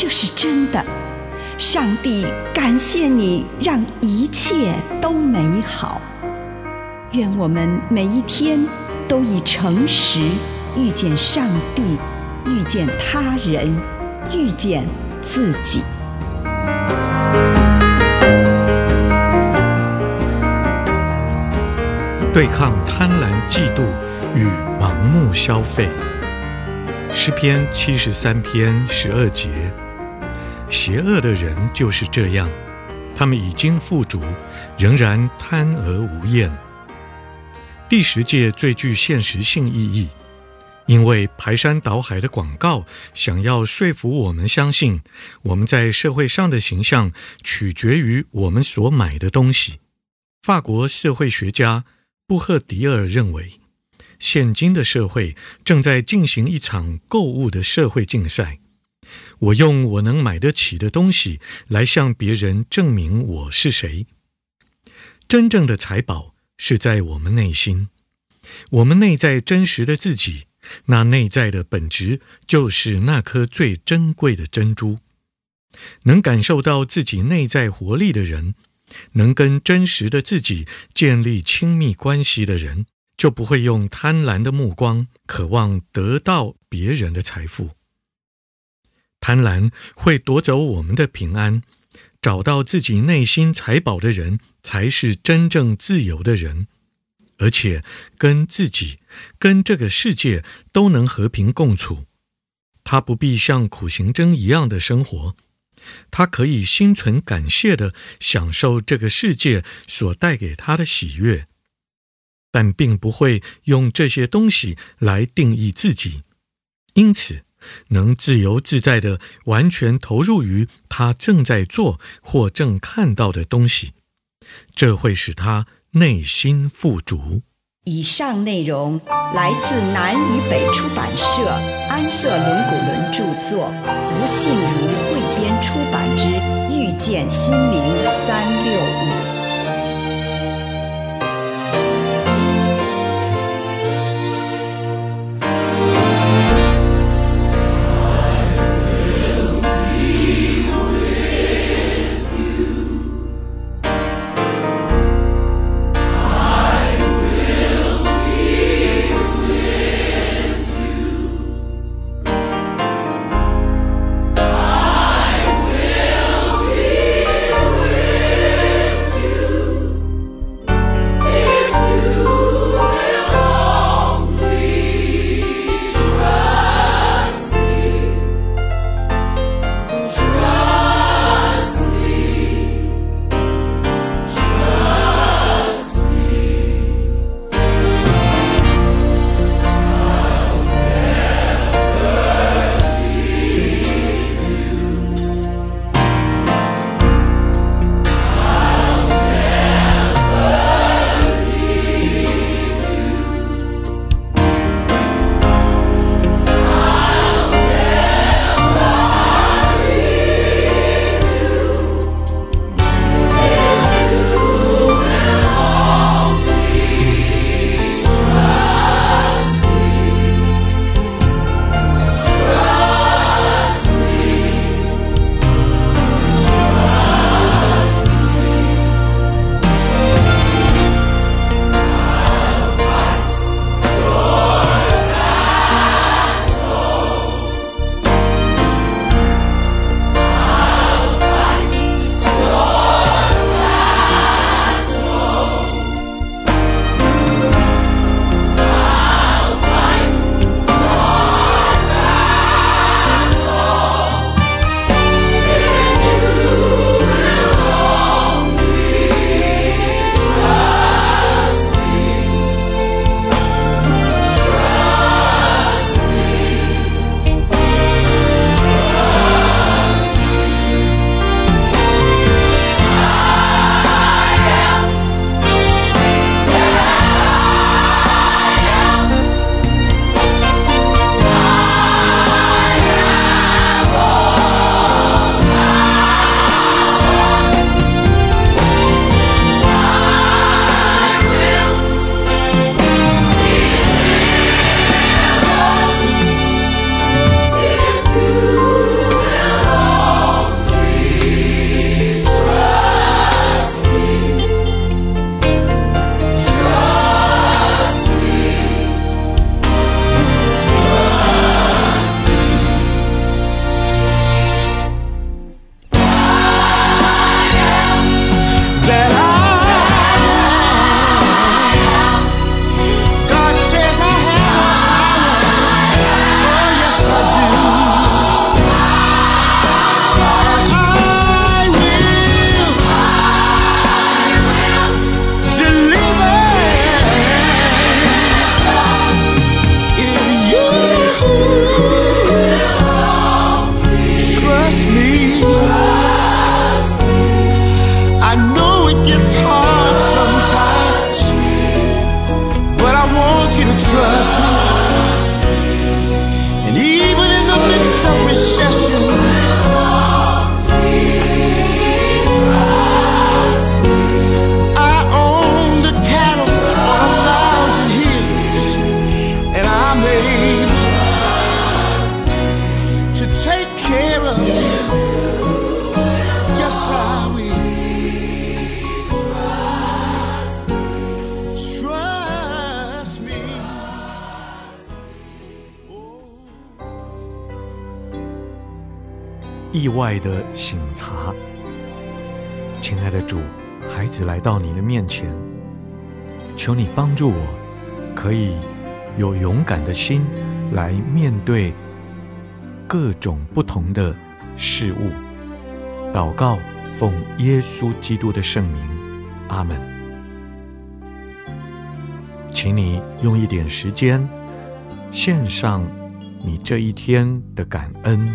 這是真的，上帝感謝你讓一切都美好。願我們每一天都以誠實遇見上帝，遇見他人，遇見自己。對抗貪婪、嫉妒與盲目消費。詩篇七十三篇十二節。邪惡的人就是這樣，他們已經富足，仍然貪而無厭。第十屆最具現實性意義，因為排山倒海的廣告想要說服我們相信，我們在社會上的形象取決於我們所買的東西。法國社會學家布赫迪爾認為，現今的社會正在進行一場購物的社會競賽。我用我能買得起的東西來向別人證明我是誰。真正的財寶是在我們內心，我們內在真實的自己，那內在的本質就是那顆最珍貴的珍珠。能感受到自己內在活力的人，能跟真實的自己建立親密關係的人，就不會用貪婪的目光渴望得到別人的財富。貪婪會奪走我們的平安，找到自己內心財寶的人，才是真正自由的人，而且跟自己、跟這個世界都能和平共處。他不必像苦行僧一樣的生活，他可以心存感謝的享受這個世界所帶給他的喜悅，但並不會用這些東西來定義自己。因此，能自由自在地完全投入於他正在做或正看到的東西，這會使他內心富足。以上內容來自南與北出版社安瑟倫古倫著作吳信如彙編出版之《遇見心靈三六五》。外的省察。親愛的主，孩子來到你的面前，求你幫助我，可以有勇敢的心來面對各種不同的事物。禱告，奉耶穌基督的聖名，阿門。請你用一點時間，獻上你這一天的感恩。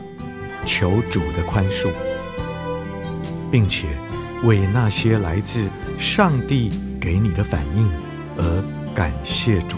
求主的寬恕，並且為那些來自上帝給你的反應而感謝主。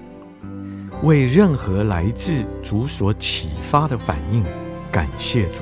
為任何來自主所啟發的反應，感謝主。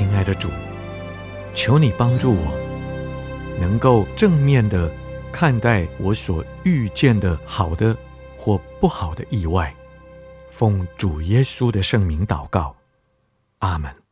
親愛的主，求你幫助我，能夠正面的看待我所遇見的好的或不好的意外。奉主耶穌的聖名禱告，阿門。